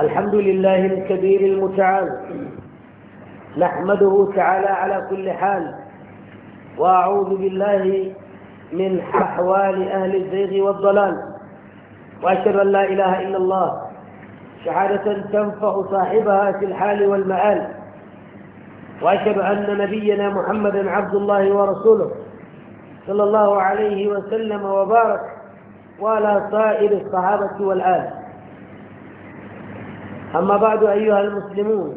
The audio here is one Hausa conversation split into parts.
الحمد لله الكبير المتعال نحمده تعالى على كل حال وأعوذ بالله من أحوال أهل الزيغ والضلال وأشهد أن لا إله إلا الله شهادة تنفع صاحبها في الحال والمآل وأشهد أن نبينا محمدا عبد الله ورسوله صلى الله عليه وسلم وبارك وعلى سائر الصحابة والآل أما بعد أيها المسلمون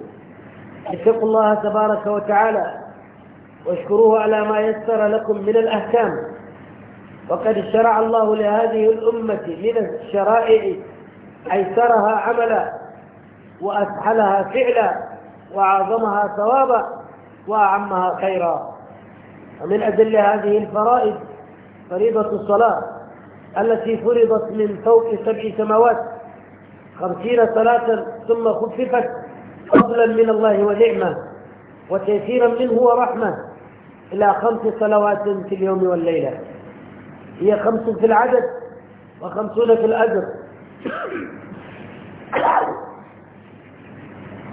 اتقوا الله تبارك وتعالى واشكروه على ما يسر لكم من الأحكام وقد شرع الله لهذه الأمة من الشرائع أيسرها عملا وأسهلها فعلا وأعظمها ثوابا وأعمها خيرا ومن أجل هذه الفرائض فريضة الصلاة التي فرضت من فوق سبع سماوات خمسين صلاة ثم خففت فضلا من الله ونعمة وتيسيرا منه ورحمة إلى خمس صلوات في اليوم والليلة هي خمس في العدد وخمسون في الأجر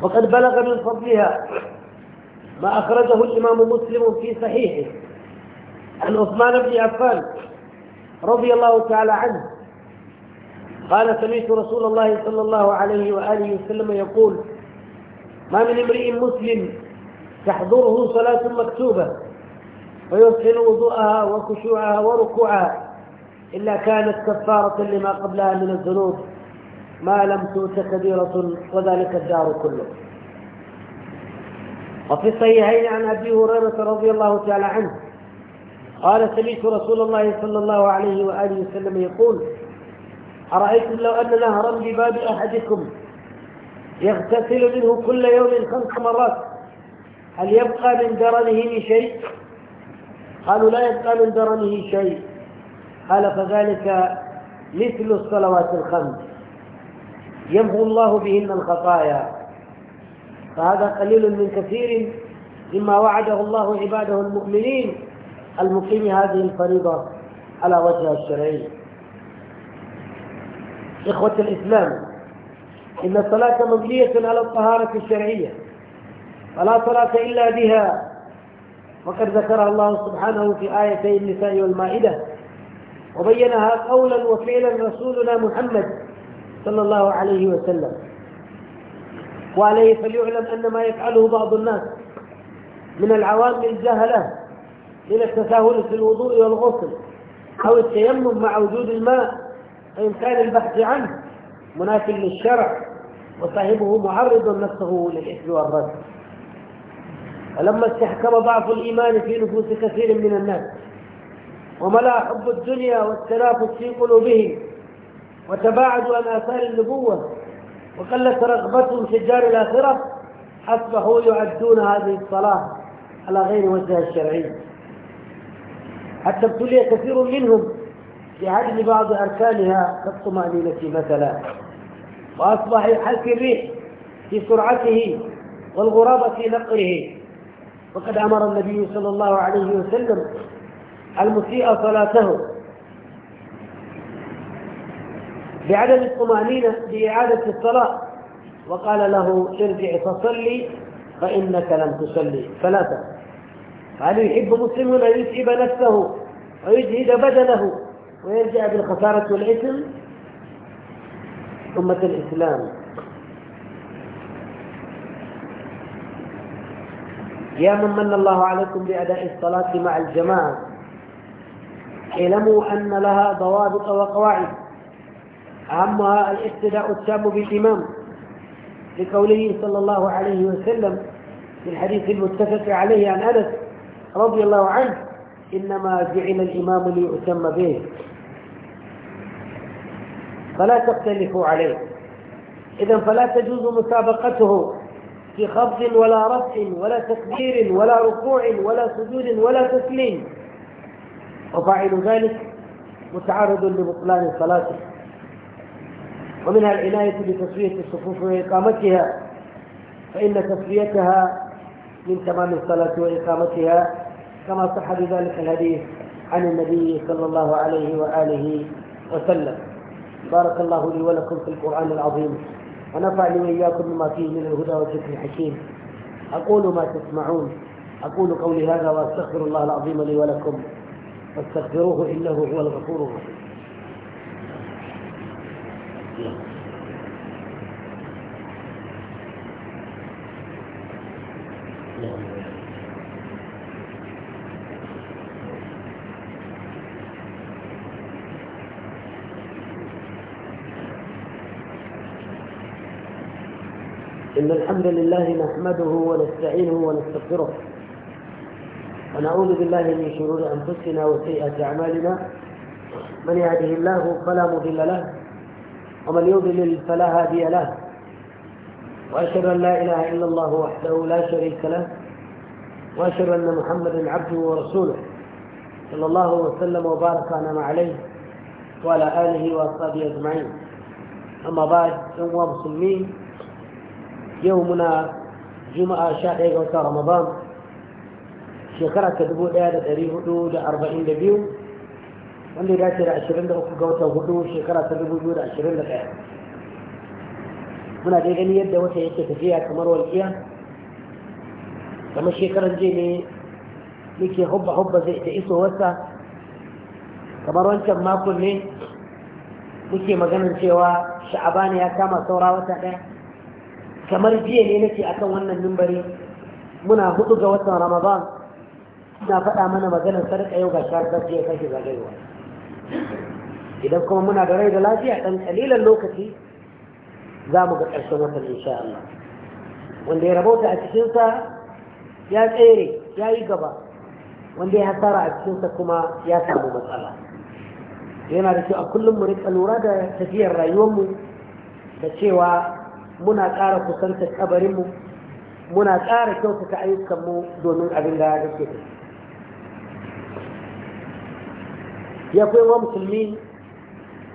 وقد بلغ من فضلها ما أخرجه الإمام مسلم في صحيحه عن عثمان بن عفان رضي الله تعالى عنه قال سمعت رسول الله صلى الله عليه وآله وسلم يقول ما من امرئ مسلم تحضره صلاة مكتوبة ويحسن وضوءها وخشوعها وركوعها إلا كانت كفارة لما قبلها من الذنوب ما لم توت كبيرة وذلك الدار كله وفي الصحيحين عن أبي هريرة رضي الله تعالى عنه قال سمعت رسول الله صلى الله عليه وآله وسلم يقول أرأيتم لو أن نهرا بباب أحدكم يغتسل منه كل يوم خمس مرات هل يبقى من درنه شيء قالوا لا يبقى من درنه شيء قال فذلك مثل الصلوات الخمس يمحو الله بهن الخطايا فهذا قليل من كثير مما وعده الله عباده المؤمنين المقيم هذه الفريضة على وجهها الشرعي إخوة الإسلام إن الصلاة مبنية على الطهارة الشرعية فلا صلاة إلا بها وقد ذكرها الله سبحانه في آيتي النساء والمائدة وبينها قولا وفعلا رسولنا محمد صلى الله عليه وسلم وعليه فليعلم أن ما يفعله بعض الناس من العوام الجهلة من التساهل في الوضوء والغسل أو التيمم مع وجود الماء إمكان البحث عنه مناف للشرع وصاحبه معرض نفسه للإثم والرد ولما استحكم ضعف الإيمان في نفوس كثير من الناس وملا حب الدنيا والتنافس في قلوبهم وتباعدوا عن آثار النبوة وقلت رغبتهم في الدار الآخرة أصبحوا يعدون هذه الصلاة على غير وجهها الشرعي حتى ابتلي كثير منهم لعدم بعض أركانها كالطمأنينة مثلا وأصبح يحكي الريح في سرعته والغراب في نقره وقد أمر النبي صلى الله عليه وسلم المسيء صلاته بعدم الطمأنينة بإعادة الصلاة وقال له ارجع فصلي فإنك لم تصلي ثلاثة هل يحب مسلم أن يتعب نفسه ويجهد بدنه ويرجع بالخسارة والإثم أمة الإسلام يا من من الله عليكم بأداء الصلاة مع الجماعة اعلموا أن لها ضوابط وقواعد أهمها الاقتداء التام بالإمام لقوله صلى الله عليه وسلم في الحديث المتفق عليه عن أنس رضي الله عنه إنما جعل الإمام ليؤتم به فلا تختلفوا عليه إذا فلا تجوز مسابقته في خفض ولا رفع ولا تكبير ولا ركوع ولا سجود ولا تسليم وفاعل ذلك متعرض لبطلان صلاته ومنها العناية بتسوية الصفوف وإقامتها فإن تسويتها من تمام الصلاة وإقامتها كما صح بذلك الحديث عن النبي صلى الله عليه وآله وسلم بارك الله لي ولكم في القرآن العظيم ونفعني وإياكم بما فيه من الهدى والذكر الحكيم أقول ما تسمعون أقول قولي هذا وأستغفر الله العظيم لي ولكم واستغفروه إنه هو الغفور الرحيم إن الحمد لله نحمده ونستعينه ونستغفره ونعوذ بالله من شرور أنفسنا وسيئات أعمالنا من يهده الله فلا مضل له ومن يضلل فلا هادي له وأشهد أن لا إله إلا الله وحده لا شريك له وأشهد أن محمدا عبده ورسوله صلى الله وسلم وبارك أنعم عليه وعلى آله وأصحابه أجمعين أما بعد أيها المسلمين yau muna juma'a sha ɗaya ga wata ramadan shekara ta dubu ɗaya da ɗari hudu da arba'in da biyu wanda ya dace da ashirin da uku ga wata hudu shekara ta dubu biyu da ashirin da ɗaya muna dai gani yadda wata yake tafiya kamar walƙiya kamar shekaran jiya ne yake hubba hubba zai ta iso wasa kamar wancan makon ne muke maganin cewa sha'abani ya kama saura wata ɗaya kamar jiya ne nake akan wannan mimbari muna hudu ga watan ramadan ina faɗa mana maganar sarƙa yau ga shahar da ya kashe idan kuma muna da rai da lafiya ɗan kalilan lokaci za mu ga ƙarshen watan insha Allah wanda ya rabauta a cikinsa ya tsere ya yi gaba wanda ya hasara a cikinsa kuma ya samu matsala yana da kyau a kullum mu rika lura da tafiyar rayuwar mu da cewa muna ƙara kusantar kabarinmu muna ƙara kyautata ayyukanmu domin abin da ya ke ya kai wa musulmi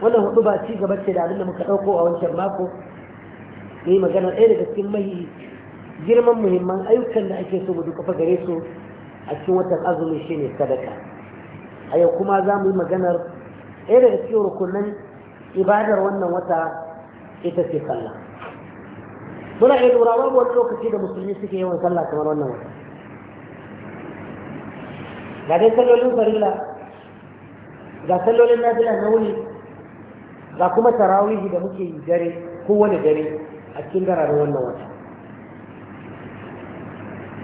wannan hudu ba ci gaba ce da abin da muka ɗauko a wancan mako ne magana ɗaya daga cikin mahi girman muhimman ayyukan da ake so mu duka gare su a cikin watan azumi shine sadaka a yau kuma za mu yi maganar ɗaya daga cikin rukunan ibadar wannan wata ita ce sallah muna iya lura babu wani lokaci da musulmi suke yawan sallah kamar wannan wata ga dai sallolin Farila, ga sallolin nafila na wuni ga kuma tarawihi da muke yi dare kowane dare a cikin gararen wannan wata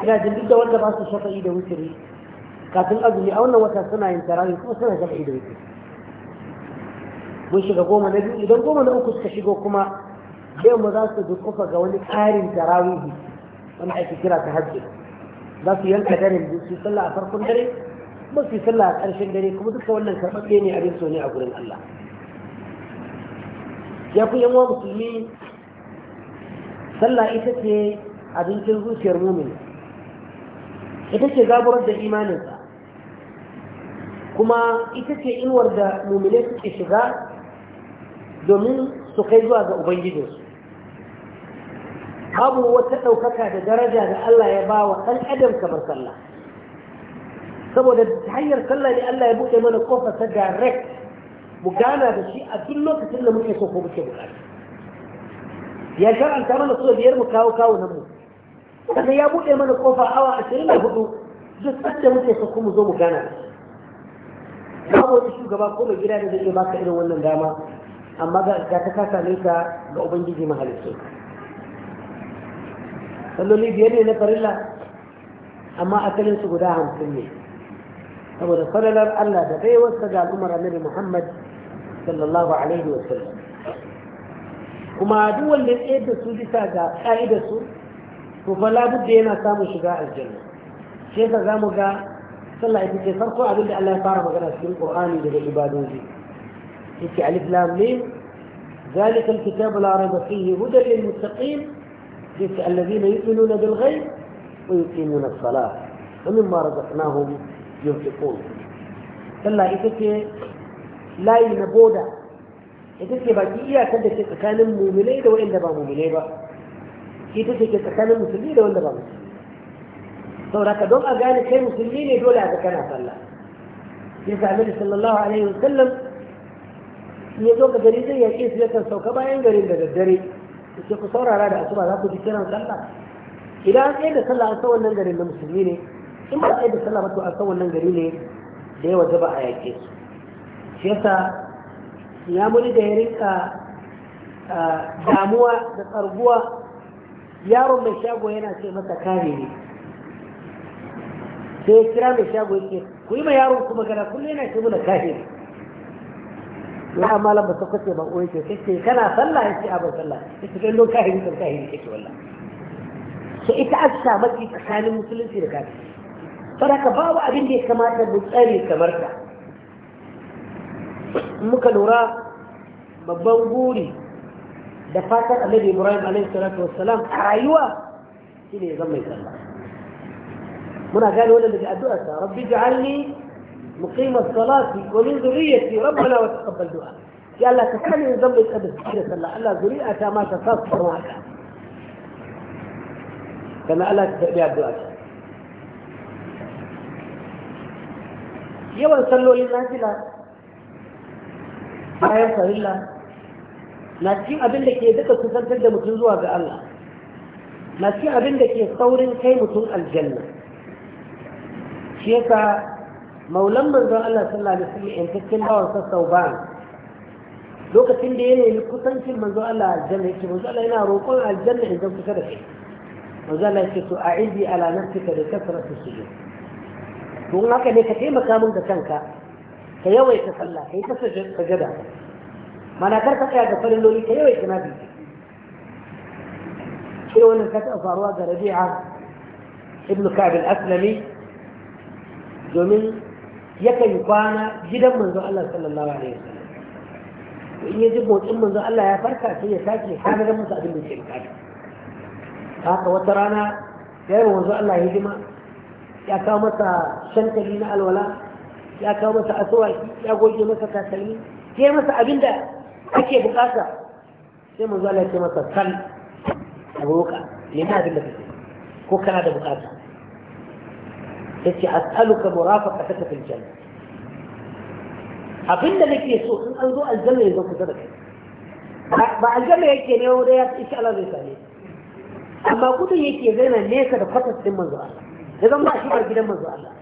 ina jin duk da wanda ba su shafa da wuturi kafin azumi a wannan wata suna yin tarawihi kuma suna shafa da wuturi mun shiga goma na biyu idan goma na uku suka shigo kuma yau ma za su dukufa ga wani ƙarin tarawihi wani ake kira ta hajji za su yanka dare da su sallah a farkon dare kuma su yi sallah a ƙarshen dare kuma duka wannan karɓaɓɓe ne abin so ne a gurin Allah ya fi yan musulmi sallah ita ce abincin zuciyar mumin ita ce gaburar da imaninsa kuma ita ce inuwar da mumine suke shiga domin su kai zuwa ga ubangijinsu babu wata ɗaukaka da daraja da Allah ya ba wa ɗan adam kamar sallah saboda hanyar sallah ne Allah ya buɗe mana kofa ta direct mu gana da shi a duk lokacin da muke so ko muke bukata ya shar'anta mana so biyar mu kawo kawo nan mu sannan ya buɗe mana kofa awa ashirin da hudu duk sanda muke so ko mu zo mu gana da shi, babu wani shugaba ko mai gida da zai iya baka irin wannan dama amma ga ta kasa ne ga ubangiji mahalicci salloli biyar ne na farilla amma asalinsu guda hamsin ne saboda falalar Allah da baiwarsa ga al'ummar annabi Muhammad sallallahu alaihi wa kuma duk wanda ya da su bisa ga ka'idar su to fa da yana samun shiga aljanna shi yasa zamu ga sallah ita ce farko abin da Allah ya fara magana cikin Qur'ani daga ibadoji yake alif lam mim ذلك الكتاب لا ريب فيه هدى للمتقين تلك الذين يؤمنون بالغيب ويقيمون الصلاة ومما رزقناهم ينفقون كلا إذا لا ينبودا إذا كي باقي إيا كنت تتكان المؤمنين دو إن دبا مؤمنين إذا كي تتكان المسلمين دو إن دبا مسلمين تو راك دوم أغاني كي مسلمين دو لا تكنا صلى النبي صلى الله عليه وسلم يزوك دريدي يكيس لكن سوكبا ينجرين دريدي sai ku saurara da asuba za ku ji kiran sallah idan an tsaye da sallah an san wannan gari na musulmi ne in ba tsaye da sallah ba to an san wannan gari ne da yawa zaba a yake su shi yasa ya muni da ya rinka damuwa da tsarguwa yaron mai shago yana ce masa kare ne sai kira mai shago yake ku yi ma yaron kuma magana kullum yana ce muna kare ne ya malam ba ta kwace ba ko yake kake kana sallah yake abin sallah ya yake kai lokaci kahiri kan kahiri kake wallah so ita a samu tsakanin musulunci da kafiri saboda babu abin da ya kamata mu tsare kamar ta muka lura babban guri da fatan annabi ibrahim alaihi salatu wassalam a rayuwa shine ya zama mai sallah muna gane wannan daga addu'arsa rabbi ja'alni مقيم الصلاة ومن ذريتي ربنا وتقبل دعاء يا الله كفاني من ذنب الأبد كثيرة الله الله ذريئة ما تصفر معك كما الله تتبع الدعاء يوم صلوا للنازلة ما ينصر الله na cikin abin da ke duka kusantar da mutum zuwa ga Allah na cikin abin da ke saurin kai mutum aljanna shi yasa maulan manzon Allah sallallahu alaihi wasallam yankakken bawan sa Sauban lokacin da ya nemi kusancin manzo Allah aljanna yake manzo Allah yana roƙon aljanna in zan kusa da kai manzo Allah yake to a'idi ala nafsika da kasratu sujud don haka ne ka taimaka mun da kanka ka yawaita sallah kai ta sajada mana kar ka tsaya ga farilloli ka yawaita nabi shi wannan ka taɓa faruwa ga Rabi'a ibn Ka'b al-Aslami domin yakan kwana gidan manzon Allah sallallahu alaihi wasallam in ya motsin manzon Allah ya farka sai ya sake kanar masa abin da ke bukata haka wata rana ya yi manzon Allah hidima ya kawo masa shantali na alwala ya kawo masa asuwaki ya goge masa takalmi ya masa abin da ake bukata sai manzon Allah ya ce masa sal a roƙa nema abin da kake ko kana da bukata yace as'aluka murafaqataka fil janna abinda nake so in an zo aljanna ya zo kusa da kai ba aljanna yake ne wanda ya insha Allah zai same amma gudun yake zai na nesa da kwatas din manzo Allah ya zama a shigar gidan manzo Allah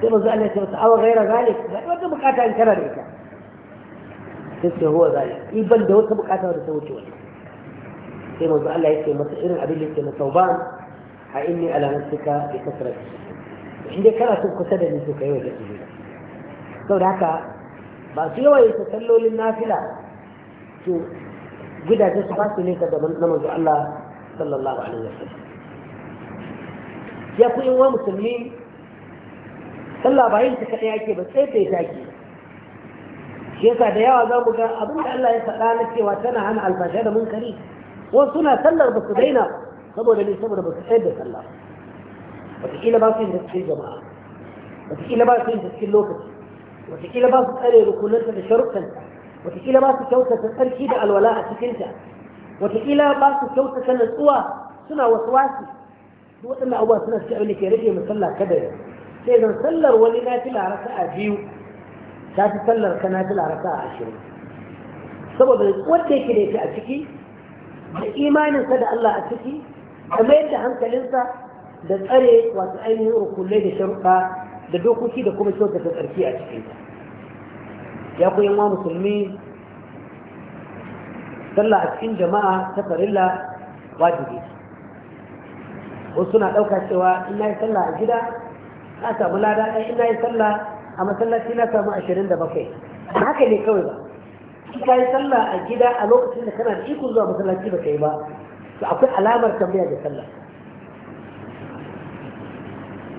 sai manzo Allah ya ce awa gaira zalik ba wata bukata in kana da ita sai ce huwa zalik in ban da wata bukata da ta wuce wani sai manzo Allah ya ce masa irin abin da yake na tauban a inni ala nafsika bi kasrati in dai kana sun kusa da ni to kai wajen sujud saboda haka ba su yawa yi sallolin nafila to gidaje su fasu ne da na manzo Allah sallallahu alaihi wa sallam. ya ku in wa musulmi sallah ba yin ta kadai ake ba sai ta yi take shi yasa da yawa za mu ga abin da Allah ya faɗa na cewa tana hana albasha da munkari wasu na sallar ba su daina ba. saboda ne saboda ba su tsayar da sallah wataƙila ba su yin cikin jama'a wataƙila ba su yin cikin lokaci wataƙila ba su tsare rukunanta da sharuɗanta wataƙila ba su kyautata tsarki da alwala a cikinta wataƙila ba su kyautata natsuwa suna wasu wasu duk waɗannan abubuwa suna cikin abin da ke rage mu sallah kada yau sai zan sallar wani na fi larasa a biyu ta fi sallar ka na fi larasa a ashirin saboda wanda yake da yake a ciki da imaninsa da Allah a ciki kuma yadda hankalinsa da tsare wasu ainihin rukunai da sharuɗa da dokoki da kuma kyautata tsarki a cikin ya ku yanwa musulmi sallah a cikin jama'a ta farilla wajibi wasu na ɗauka cewa in na yi sallah a gida na samu lada ɗaya in na yi sallah a masallaci na samu ashirin da bakwai haka ne kawai ba in ka yi sallah a gida a lokacin da kana da ikon zuwa masallaci ba kai ba to akwai alamar tambaya da sallah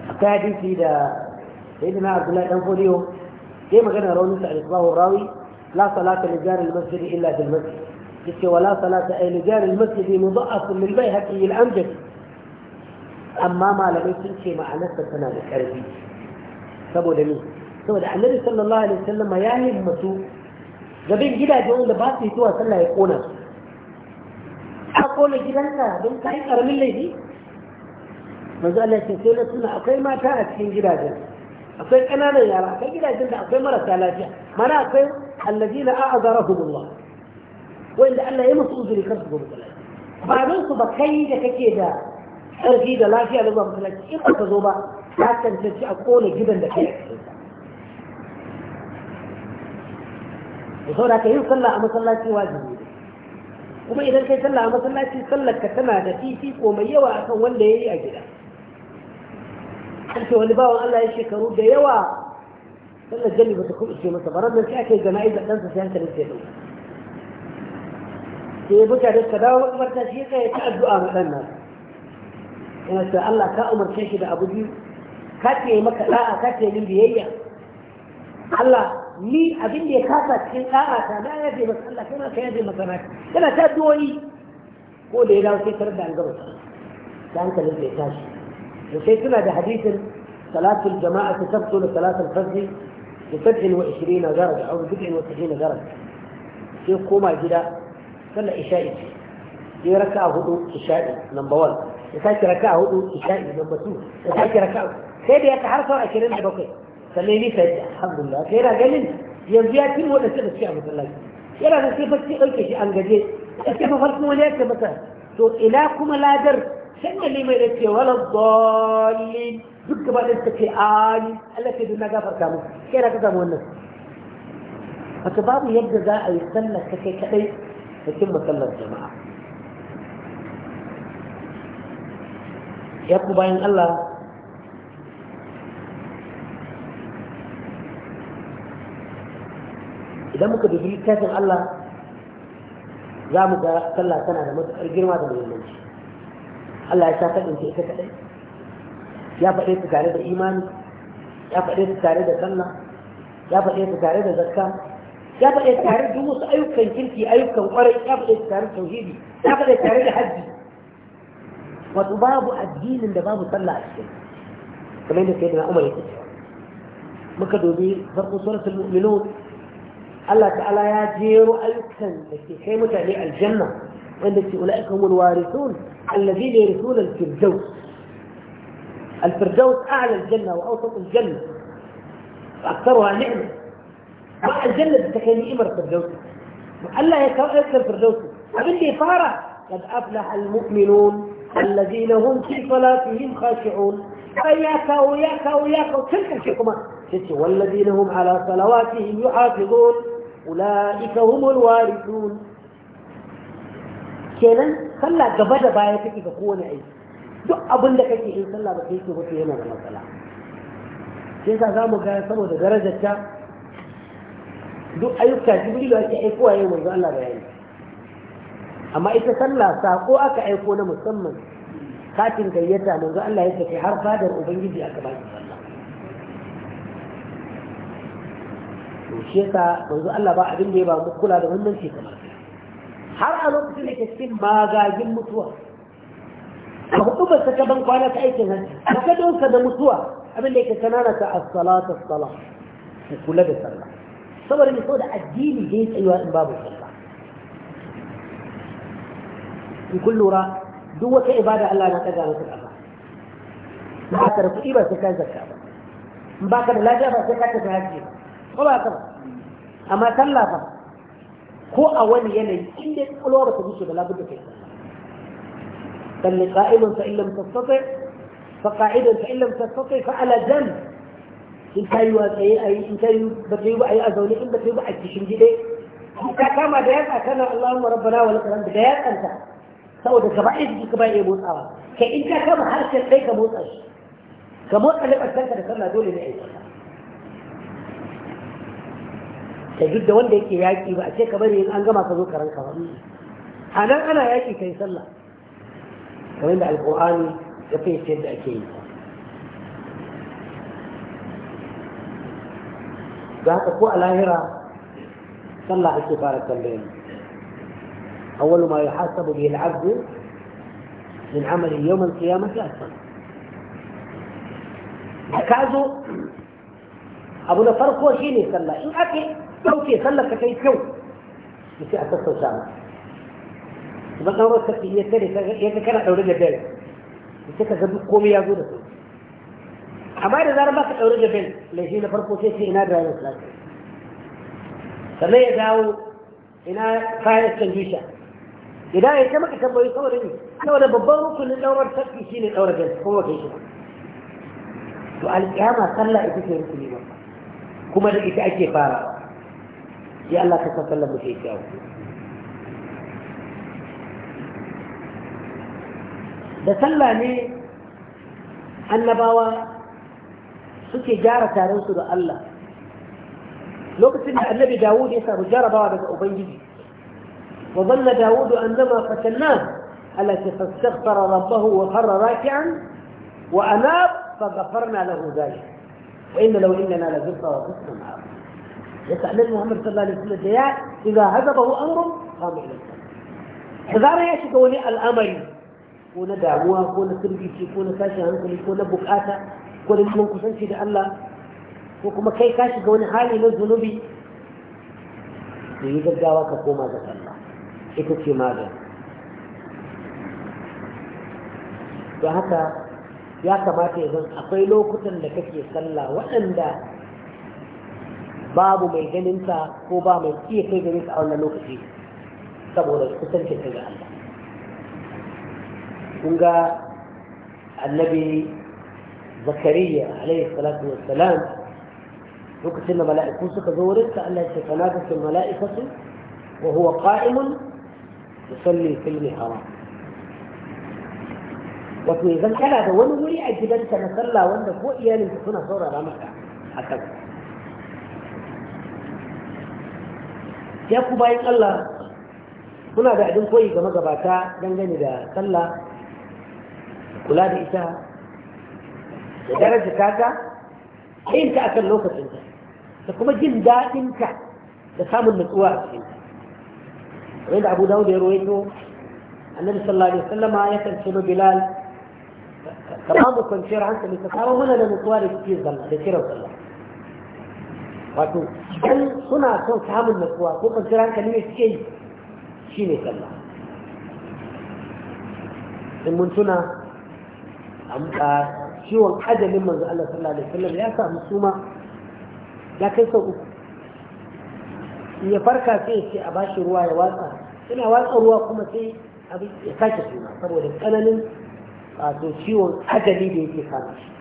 akwai hadisi da na abdullahi dan fodiyo sai magana raunin sa al-isbahu rawi la salata li jari al-masjid illa bil masjid yace wala salata ay li jari al-masjid mudha'af min bayhaqi al-amjad amma malamai sun ce ma'anarsa tana da ƙarfi saboda ni saboda annabi sallallahu alaihi wasallam ya himmatu gabin gidaje wanda ba su yi zuwa sallah ya kona su يقول لك انت بنت عين ارى من ليدي مزال لك سيلة سنة اقل ما تأت في انجلاجة اقل انا لا يرى اقل انا لا اقل مرة ثلاثة من اقل الذين اعذرهم الله وان لأن لا يمس اوزري كرس قول الله بعد انت بكيدة كيدة ارقيدة لا فيها لله مثل لك ايه تزوبة حتى انت اقول جدا لك يقول لك يوصل لك مثل الله سيواجه kuma idan kai sallah a masallaci sallar ka tana da fifiko mai yawa akan wanda ya yi a gida an ce wani bawan Allah ya shekaru da yawa sallar jami ba ta kuɗi ce masa baran nan sai ake gana jana'izar ɗansa sai hankalin sai ɗauka sai mutane ka dawo makamarta shi ya ta addu'a ma ɗan nan yana ce Allah ka umarce shi da abu biyu ka ce maka ɗa'a ka ce min biyayya Allah ni abin da ya kasa cikin ɗa'a ta na ya je masa Allah kana ka yaje masa na kana ta duwoyi ko da ya dawo sai tarar da an gaba da hankalin da ya tashi da sai suna da hadisin salatul jama'a ta tabtu da salatul fajr da sab'in wa ishirina daraja aw sab'in wa sab'ina daraja sai koma gida sallar isha'i sai raka'a hudu isha'i number 1 ya sake raka'a hudu isha'i number 2 ya sake raka'a sai da ya ta har sau 27 سليني فجاء الحمد لله كيرا قال لي يا زياد كيف ولا سبب شيء عبد الله يلا انا كيف اشتغل عن قديم إيه؟ كيف فرقنا وليك مثلا تو إلاكم لا در سنة لي ما يلتك ولا الضالين دك ما يلتك آل ألك دون نقا فرقامو كيرا كذا مونس فتبابي يبدأ ذا أو يستنى كشيء كأي يتم صلى الجماعة يا أبو الله idan muka dubi littafin Allah za mu ga sallah tana da matuƙar girma da muhimmanci Allah ya sa ta ɗauke ita kaɗai ya faɗe ta tare da imani ya faɗe ta tare da sallah ya faɗe ta tare da zakka ya faɗe ta tare da duk wasu ayyukan kirki ayyukan ƙwarai ya faɗe ta tare da tauhidi ya faɗe ta tare da hajji wato babu addinin da babu sallah a cikin kamar yadda sai da Umar ya ce muka dubi farko suratul mu'minun الله تعالى يا جير التي في متعلي الجنة التي أولئك هم الوارثون الذين يرثون الفردوس الفردوس أعلى الجنة وأوسط الجنة وأكثرها نعمة مع الجنة تتخيل إمر الفردوس الله يكرم الفردوس أبن لي فارة قد أفلح المؤمنون الذين هم في صلاتهم خاشعون فياكوا ياكوا ياكوا تلك الحكمة والذين هم على صلواتهم يحافظون ula'ika humul warithun kenan sallah gaba da baya take ga kowane aiki duk abin da kake yi sallah ba kai ke ba yana da matsala sai ka zamu ga saboda darajar ta duk ayyuka jibrilu ake aikowa yau manzo Allah bayani amma ita sallah sako aka aiko na musamman katin gayyata manzo Allah ya har fadar ubangiji aka baki to shi yasa manzo Allah ba abin da ya ba mu kula da wannan ce kamar har a lokacin da ke cikin magagin mutuwa a hudu ba ta ban kwana ta aikin hajji a kadonsa da mutuwa abin da ya yake kanana ta as-salatu as-salah ku kula da sallah saboda ne saboda addini da ya tsayuwa in babu sallah in kun lura duk wata ibada Allah na ɗaga masa ƙafa ba ka da kuɗi ba sai ka zaka ba in ba ka da lafiya ba sai ka tafi hajji ba ba ba ka ba amma sallah fa ko a wani yanayi in dai kwakwalwa ba ta bushe ba labudda kai salli qa'iman fa illam tastati fa qa'idan fa illam tastati fa ala janb in ta yi watsaye a yi in ta yi ba ta yi ba a yi a zaune in ba ta yi ba a kishin gide ta kama da yatsa kana Allahumma rabbana wa lakal hamd da yatsanta saboda gaba ɗaya jiki ba ya motsawa kai in ta kama harshen ɗaya ka motsa shi ka motsa leɓar kanka da sallah dole ne a yi da duk da wanda yake yaƙi ba a ce ka bari in an gama ka zo ka ranka ba a nan ana yaƙi kai sallah kamar da alƙur'ani ya fahimci yadda ake yi da haka ko a lahira sallah ake fara tambayin awwalu ma yuhasabu bihi al-'abdu min 'amali yawm al-qiyamati as-salah ka zo abu na farko shine sallah in ake ɗauke sallar ka kai kyau ya ce a sassauta ma idan an rasa ki ya kare ya ka kana ɗaure da bel ya ce ka ga duk komai ya zo da su amma da zarar ba ka ɗaure da bel laifi na farko sai ce ina driver's license sannan ya dawo ina fire extinguisher idan ya ce maka tambayi saboda ne saboda babban rukunin ɗaurar tafi shi ne ɗaura bel kuma kai shi to alƙiyama sallah ita ce rukuni ba kuma da ita ake fara لئلا تتكلم في الجو أن النباوة سكي جارة رسول الله لو كنت النبي داوود يسأل جارة بعد أبيه وظن داوود أنما قتلناه التي فاستغفر ربه وخر راكعا وأناب فغفرنا له ذلك وإن لو إننا لذكرى وقصنا معه yasa annabi Muhammad sallallahu alaihi wasallam da ya idza hazabahu amrun qama ila da zarar ya shiga wani al'amari ko na damuwa ko na sirgici ko na tashin hankali ko na bukata ko na neman kusanci da Allah ko kuma kai ka shiga wani hali na zunubi da yi gaggawa ka koma ga Allah ita ce magani don haka ya kamata yanzu akwai lokutan da kake sallah waɗanda babu mai ganin ta ko ba mai iya kai gare ta a wannan lokaci saboda kusancin kai ga Allah kun ga annabi zakariya alaihi salatu wassalam lokacin da mala'iku suka zo wurin ta Allah ya ce tanafatu mala'ikatu wa huwa qa'imun yusalli fil mihrab wato idan kana da wani wuri a gidanka na sallah wanda ko iyalinka suna saurara maka a ya ku bayan Allah muna da abin koyi ga magabata dangane da sallah kula da ita da daraja kaka yin ta akan lokacinta da kuma jin daɗinka da samun nutsuwa a cikin kamar da abu da ya rawaito annabi sallallahu alaihi wasallama ya kance ba bilal kamar mu kwanciyar hankali ta samu mana da nutsuwa da kike zalla da kiran sallah wato idan suna son samun natsuwa ko kwanciyar hankali ne suke yi shi ne sallah in mun tuna a ciwon ajalin manzo Allah sallallahu alaihi wasallam ya samu suma ya kai sau uku in ya farka sai ya ce a bashi ruwa ya watsa ina watsa ruwa kuma sai abin ya sake suma saboda tsananin wato ciwon ajali da yake kama shi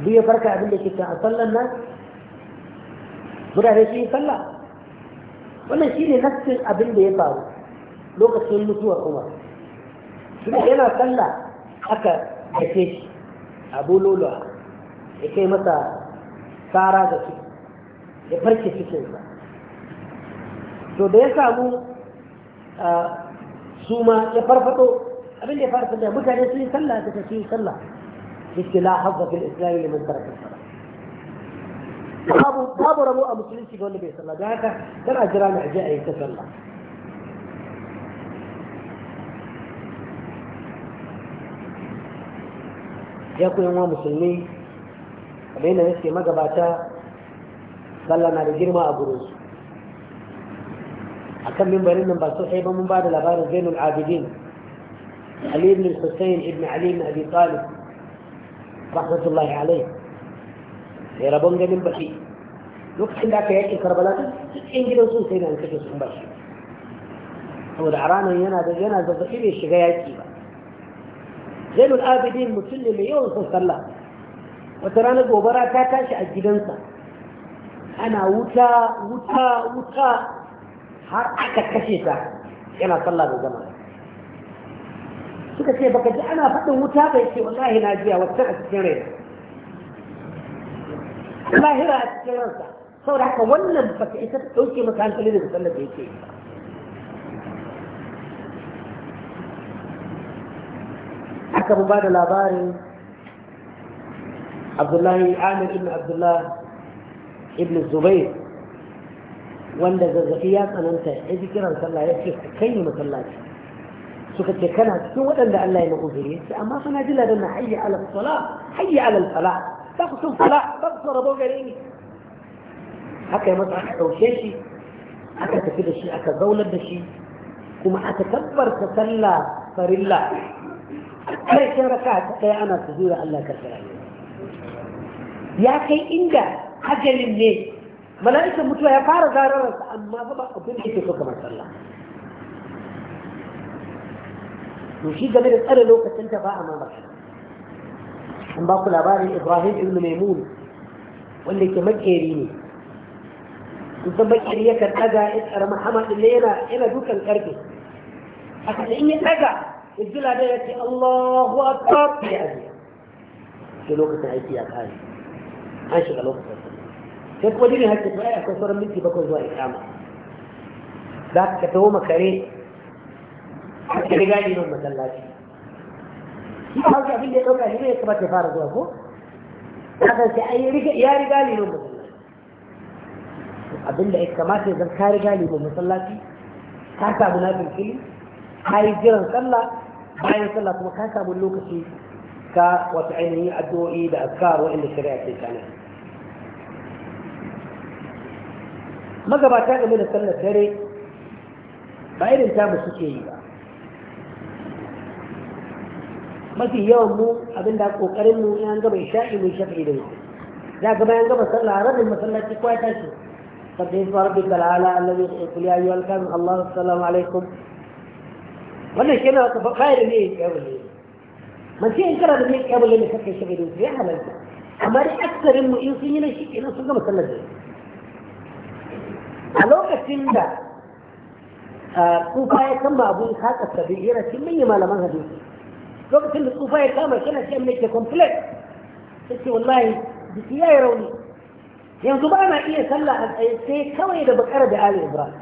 duk ya farka abin da ke kan a sallan nan mutane su yi sallah wannan shi ne nassin abin da ya faru lokacin mutuwar umar suna yana sallah aka dake shi abu lolo ya kai masa tsara da su ya farke cikinsa to da ya samu su ma ya farfado abin da ya fara sallah mutane su yi sallah da ta su yi sallah yake la hazza fil islami liman taraka babu babu rabo a musulunci ga wanda bai sallah don haka kana jira na aje a yi ta sallah ya ku musulmi kamar yadda nake magabata sallah na da girma a su. a kan mimbarin nan ba su ba mun ba da labarin zainul abidin ali ibn hussein ibn ali ibn abi talib rahmatullahi Alayhi. mai rabon ganin baki lokacin da aka yaƙi karbala cikin gidan sun sai da an kashe sun bashi saboda a ranar yana da yana zazzafi bai shiga yaƙi ba zainul abidin mutum ne mai yawan son sallah wata ranar gobara ta tashi a gidansa ana wuta wuta wuta har aka kashe ta yana sallah da zama suka ce baka ji ana faɗin wuta bai ce wallahi na jiya wata a cikin rai lahira a cikin ransa saboda haka wannan baka isa ta ɗauke masa hankali da sallar da yake yi aka mu ba da labarin abdullahi amir ibn Abdullahi ibn zubair wanda zazzafi ya tsananta ya ji kiran sallah ya ce ka kai masallaci suka ce kana cikin waɗanda Allah ya ma'uzuri ya ce amma kana jila da na hayya ala sala hayya ala sala تغسل فلا تغسل ابو جريمي هكا مثلا حتى وشاشي هكا تفيد الشيء هكا زولة بشي كما أتكبر تسلى فريلا أي شيء ركعت يا أنا تزور الله كثيرا يا أخي إنجا حجر مني ملائكة متوى يا فارة زارة أما فبا أبين حيث يتوقع ما تسلى نشيد جميل الأرى لو كتنت فاهم أمامك An ba ku labarin ibrahim ibn maimun wanda ke makeri ne kusan makeri yakan daga ya karama hama ne yana yana dukan karfe haka da in ya daga izila da ya ce Allahu Akbar ya aje shi lokacin aiki ya kare an shiga lokacin sai kuma dinin hakki ta ya kai minti bakwai zuwa ikama za ka taho makare ka riga liman masallaci ba hausa abin da ya ɗauka shi ne ya kamata ya fara zuwa ko haka sai ai ya riga liman masallaci abin da ya kamata ya zan ka riga liman masallaci ka samu na fili, ka yi jiran sallah bayan sallah kuma ka samu lokaci ka wata ainihin addu'o'i da azkar wa'inda shari'a ke kana magabata game da sallar dare ba irin tamu suke yi ba mafi yawan mu abinda kokarin mu in gaba isha'i mu shafi da yau za ga bayan gaba sallah rabin masallaci ko ya tashi sabbi isma rabbika al'ala allazi qul ya ayyuhal kafirun allah assalamu alaikum wannan shi ne ka fa'ida ne ya bale man ce in kana da ne ya bale ne kake shafi da ya halalta amma dai aksarin mu in sun yi na shi ina sun gama sallar da a lokacin da kuka ya kama abun haka sabi yana cin manyan malaman hadisi lokacin da tsufa ya kama shi na ce mai ke complain sai ce wallahi jiki ya yi rauni yanzu ba na iya sallah a tsaye sai kawai da bakar da ali ibrahim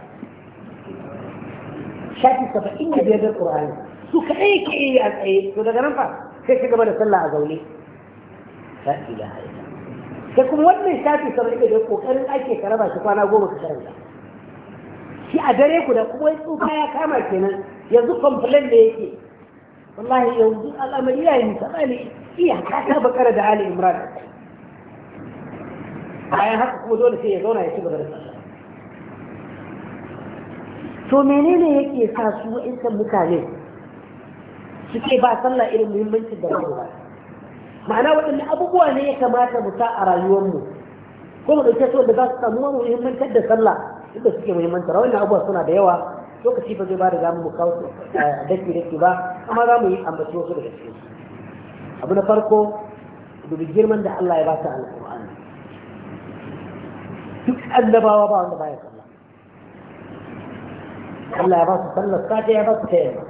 shafi in da biyar da ƙur'ani su kaɗai ke yi a tsaye to daga nan fa sai ka gaba da sallah a zaune shafi da haika da kuma wannan shafi saba'in da biyar ƙoƙarin ake karaba shi kwana goma ka karanta shi a dare ku da kuma tsufa ya kama kenan yanzu complain da yake wallahi yanzu al'amari ya yi misali iyaka ta bakara da ali imran bayan haka kuma dole sai ya zauna ya ci da sallah to menene yake sa su wa'insan mutane suke ba sallah irin muhimmancin da ba ma'ana waɗanne abubuwa ne ya kamata mu sa a rayuwarmu ko mu ɗauke su wanda za su samu muhimmancin da sallah inda suke muhimmantar wannan abubuwa suna da yawa lokaci ba zai ba da zamu mu kawo eh, daki daki ba amma za mu yi ambaci wasu daga cikin su abu na farko dubi girman da Allah ya ba ta alƙur'ani duk annabawa ba wanda baya sallah Allah ya ba su sallar safe ya ba su ta yamma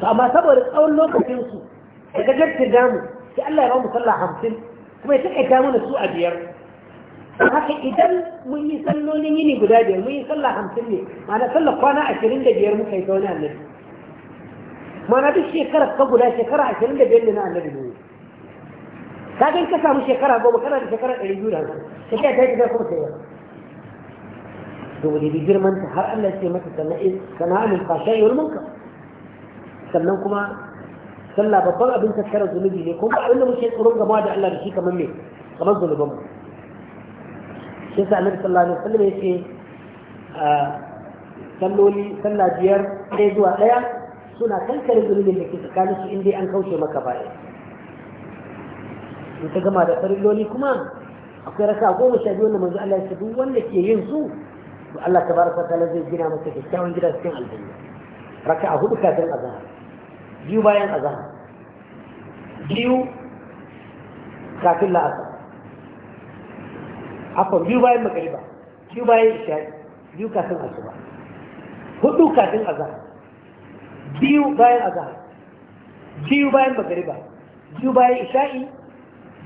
to amma saboda tsawon lokacin su daga jarkin damu sai Allah ya ba mu sallah hamsin kuma ya taƙaita mana su a biyar haka idan mun yi sallolin yini guda biyar mun yi sallah hamsin ne mana sallah kwana ashirin da biyar muka yi ta wani annabi Mana duk shekara ka guda shekara ashirin da biyar ne na annabi ne ka gan ka samu shekara goma kana da shekara ɗari biyu da hamsin shekara ta yi ta kuma sayar to da bi girman ta har Allah ce mata sana'in sana'in fashai wal munka sannan kuma sallah babban abin tattara zunubi ne kuma abin da muke tsoron gama da Allah da shi kamar me kamar zunubanmu yasa annabi sallallahu alaihi wasallam yake salloli sallah biyar ɗaya zuwa ɗaya suna kankare zunubin da ke tsakanin su inda an kauce maka baya in ta gama da farilloli kuma akwai raka goma sha biyu wanda manzo Allah ya duk wanda ke yin su to Allah tabaraka wa ta'ala zai gina masa kyakkyawan gida cikin aljanna raka a hudu kafin azhar biyu bayan azhar biyu kafin la'asar Akwai biyu bayan magariba biyu bayan isha'i biyu kafin asuba hudu kafin azahar biyu bayan azahar biyu bayan magariba biyu bayan isha'i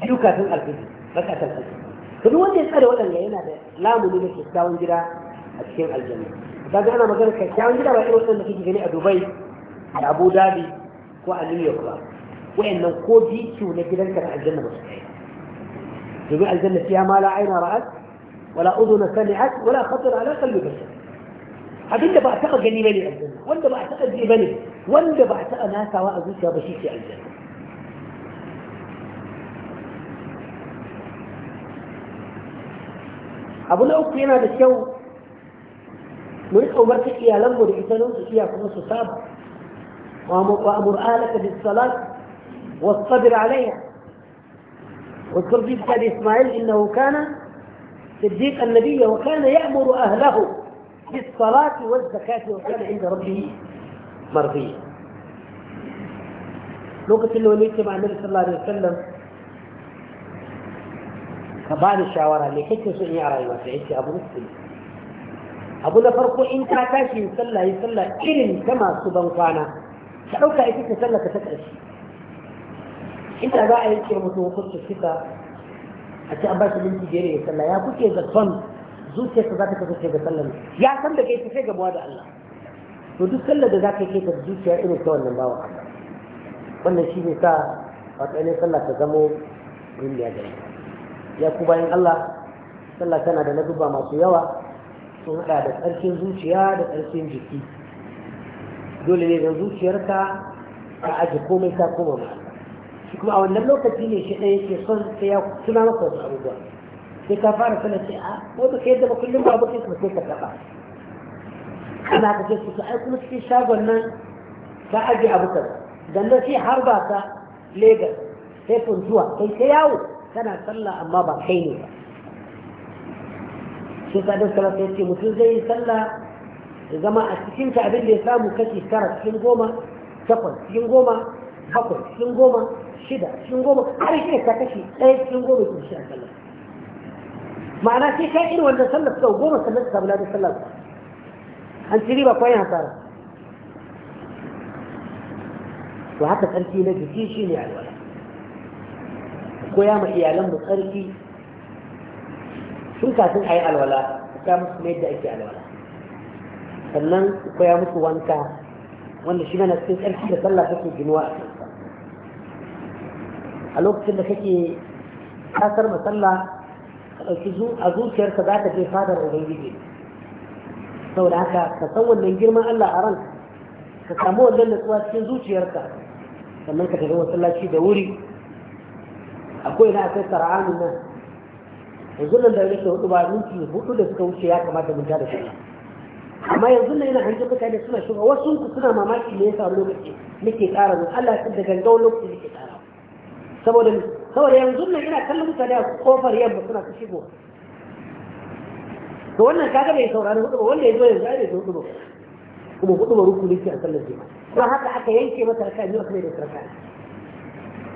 biyu kafin alfiji bakatan alfiji to wanda ya tsare waɗanda yana da lamuni na kyakkyawan gida a cikin aljanna ga ana magana kyakkyawan gida ba irin waɗanda kake gani a dubai da abu dhabi ko a new york ba wayannan ko biyu na gidanka na aljanna ba su kai جميع الجنة فيها ما لا عين رأت ولا أذن سمعت ولا خطر على قلب بشر هذا أنت بعتقد أني بني الجنة وأنت بعتقد أني بني وأنت بعتقد أنها سواء أزوجها بشيشة الجنة أبو الأوك هنا بشيو مرق أمرك إيا لم مرق سنوز إيا كنص صاب وأمر آلك بالصلاة واصطبر عليها واذكر في كتاب إسماعيل إنه كان صديق النبي وكان يأمر أهله بالصلاة والزكاة وكان عند ربه مرضيا لوقت اللي وليت مع النبي صلى الله عليه وسلم فبعد الشاورة اللي حتى سني على رأيوة حتى أبو نسل أبو لفرق إن كاتاشي يسلى يسلى إلن كما سبنقانا شعوك إتك سلى كتكأشي inda za a yi ce mutum kusa fika a ci an ba shi minti biyar ya sallah ya kuke ga son zuciyarsa za ta kasance ga sallah ya san da kai ta sai gabuwa da Allah to duk sallar da za ka kai ta zuciya irin ta wannan bawa Allah wannan shi ne sa matsayin sallah ta zamo rindiya gare ya ku bayan Allah sallah tana da nazuba masu yawa sun haɗa da ƙarfin zuciya da ƙarfin jiki dole ne da zuciyarka a aji komai ta koma ma shi kuma a wannan lokaci ne shi ɗaya ke son sai ya suna maka wasu abubuwa sai ka fara sanar ce a ah, ko ba ka yadda ba kullum ba bakin ka sai ka taɓa ana ka ce su su kuma cikin shagon nan ka aje abu kaza dan da sai har ba ka legas sai zuwa, kai ta yawo kana sallah amma ba kai ne ba shi ta dan sallah sai ce mutum zai yi sallah ya zama a cikin ta abin da ya samu kashi tara cikin goma takwas cikin goma bakwai cikin goma shida cikin goma har shi ka kashi ɗaya cikin goma ke shi a sallah ma'ana sai kai irin wanda sallar sau goma sallar ka samu da sallar an ci riba kwayan hasara to haka tsarki na jiki shi ne alwala koya ma iyalanmu tsarki sun kafin a yi alwala ta musu ne yadda ake alwala sannan koya musu wanka wanda shi mana cikin tsarki da sallah take ginuwa a a lokacin da kake kasar masalla a zuciyarka za ta je fadar ubangiji da haka ka san wannan girman Allah a ranka ka samu wannan natsuwa cikin zuciyarka sannan ka tafi masallaci da wuri akwai na akwai sara'anin nan yanzu nan da yake hudu ba minti hudu da suka wuce ya kamata mun da shi amma yanzu nan yana hanjin mutane suna shiga wasu suna mamaki ne ya samu lokaci nake ƙara mun Allah ya da gangan lokaci nake ƙara saboda saboda yanzu nan ina kallon mutane a kofar yamma suna ta shigo to wannan kaga bai saurari hudu ba wanda ya zo yanzu ai bai zo hudu ba kuma hudu ba rukuni ce a sallar jima kuma haka aka yanke masa raka biyu aka mai da raka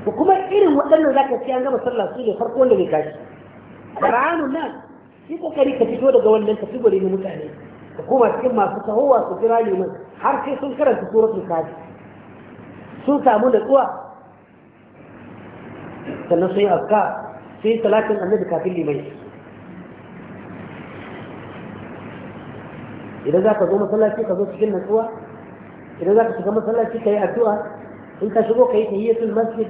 to kuma irin waɗannan zaka ci an gama sallah su ne farko wanda bai kashi ranu nan shi kokari ka fito daga wannan ka fito da mutane ka koma cikin masu tahowa su jira liman har sai sun karanta suratul kafi sun samu natsuwa sannan sun yi aska sai talatin annabi kafin limai idan za ka zo masallaci ka zo cikin natsuwa idan za ka shiga masallaci ka yi addu'a in ka shigo ka yi tahiyyatul masjid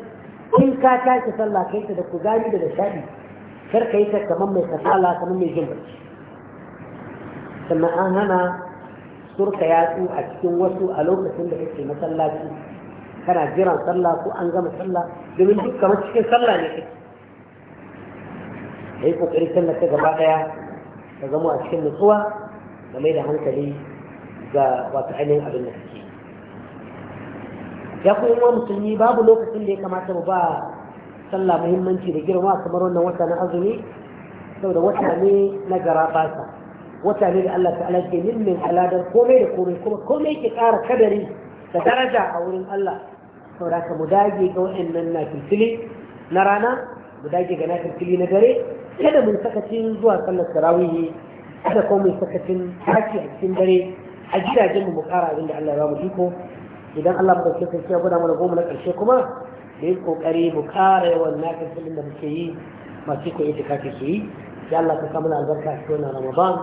in ka tashi sallah ka yi ta da kuzari da shaɗi, kar ka yi ta kamar mai kasala kamar mai jin barci sannan an hana surka yatsu a cikin wasu a lokacin da kake masallaci kana jiran sallah ko an gama sallah domin duk kamar cikin sallah ne kake da yi kokarin sallar ta gaba daya ka zamo a cikin nutsuwa da mai da hankali ga wata ainihin abin da suke ya kuma yawan musulmi babu lokacin da ya kamata mu ba sallah muhimmanci da girma kamar wannan wata na azumi saboda wata ne na gara basa wata ne da Allah ta'ala ke min min aladar komai da komai kuma komai ke ƙara kadari da daraja a wurin Allah saboda ka mu dage ga wa'annan nafilfili na rana mu dage ga nafilfili na dare kada mun sakacin zuwa sallar tarawihi kada kuma mun sakacin tashi a cikin dare a gidajen mu mu kara abin da Allah ya ba mu iko idan Allah ba ke kai ya gwada mana goma na karshe kuma da yi kokari mu kara yawan nafilfilin da muke yi masu ko ita kake ke yi ya Allah ka samu albarka a cikin Ramadan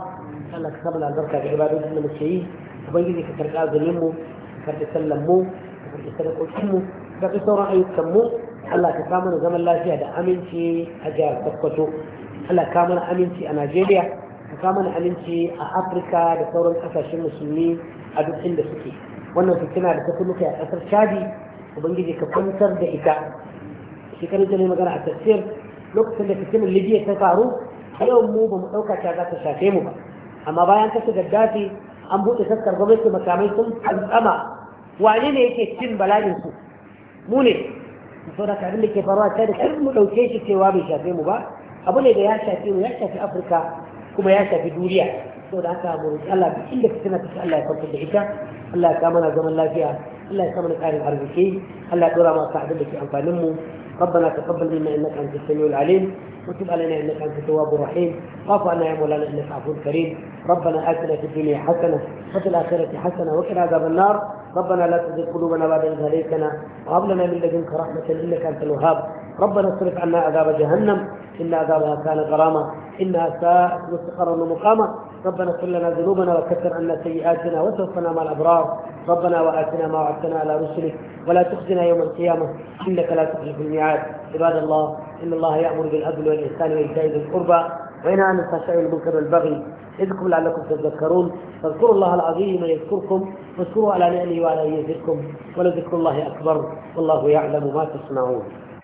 Allah ka samu albarka ga ibadun da muke yi ubangiji ka karɓa azumin mu ka karɓi sallan mu da sadakokinmu da duk sauran ayyukanmu Allah ta kama zaman lafiya da aminci a jihar Sokoto Allah ka mana aminci a Najeriya ka kama aminci a Afirka da sauran kasashen musulmi a duk inda suke wannan fitina da ta fi a kasar Chadi ubangiji ka kwantar da ita shekarar jini magana a tafsir lokacin da fitinin Libya ta faru a yau mu ba mu ɗauka ta za ta shafe mu ba amma bayan kashe gaddafi an buɗe taskar gwamnati makamai sun tsama wane ne yake cin bala'in su mu ne so da karin da ke faruwa ta da karin mu dauke shi cewa bai shafe mu ba abu ne da ya shafe mu ya shafi afirka kuma ya shafi duniya so da haka mu roƙi Allah duk inda fitina ta Allah ya kwantar da ita Allah ya kama mana zaman lafiya Allah ya kama mana ƙarin arziki Allah ya ɗora masu abin da ke amfanin mu ربنا تقبل منا انك انت السميع العليم وتب علينا انك انت التواب الرحيم واعف عنا يا مولانا انك عفو كريم ربنا آتنا في الدنيا حسنة وفي الآخرة حسنة وقنا عذاب النار ربنا لا تزغ قلوبنا بعد إذ هديتنا وهب لنا من لدنك رحمة إنك أنت الوهاب ربنا اصرف عنا عذاب جهنم إن عذابها كان غراما إنها ساءت مستقرا ومقاما ربنا اغفر لنا ذنوبنا وكفر عنا سيئاتنا وتوفنا مع الأبرار ربنا وآتنا ما وعدتنا على رسلك ولا تخزنا يوم القيامة إنك لا تخلف الميعاد عباد الله إن الله يأمر بالعدل والإحسان وإيتاء ذي القربى وينهى عن الفحشاء والمنكر والبغي يذكركم لعلكم تذكرون فاذكروا الله العظيم يذكركم واشكروا على نعمه وعلى يزدكم ولذكر الله أكبر والله يعلم ما تصنعون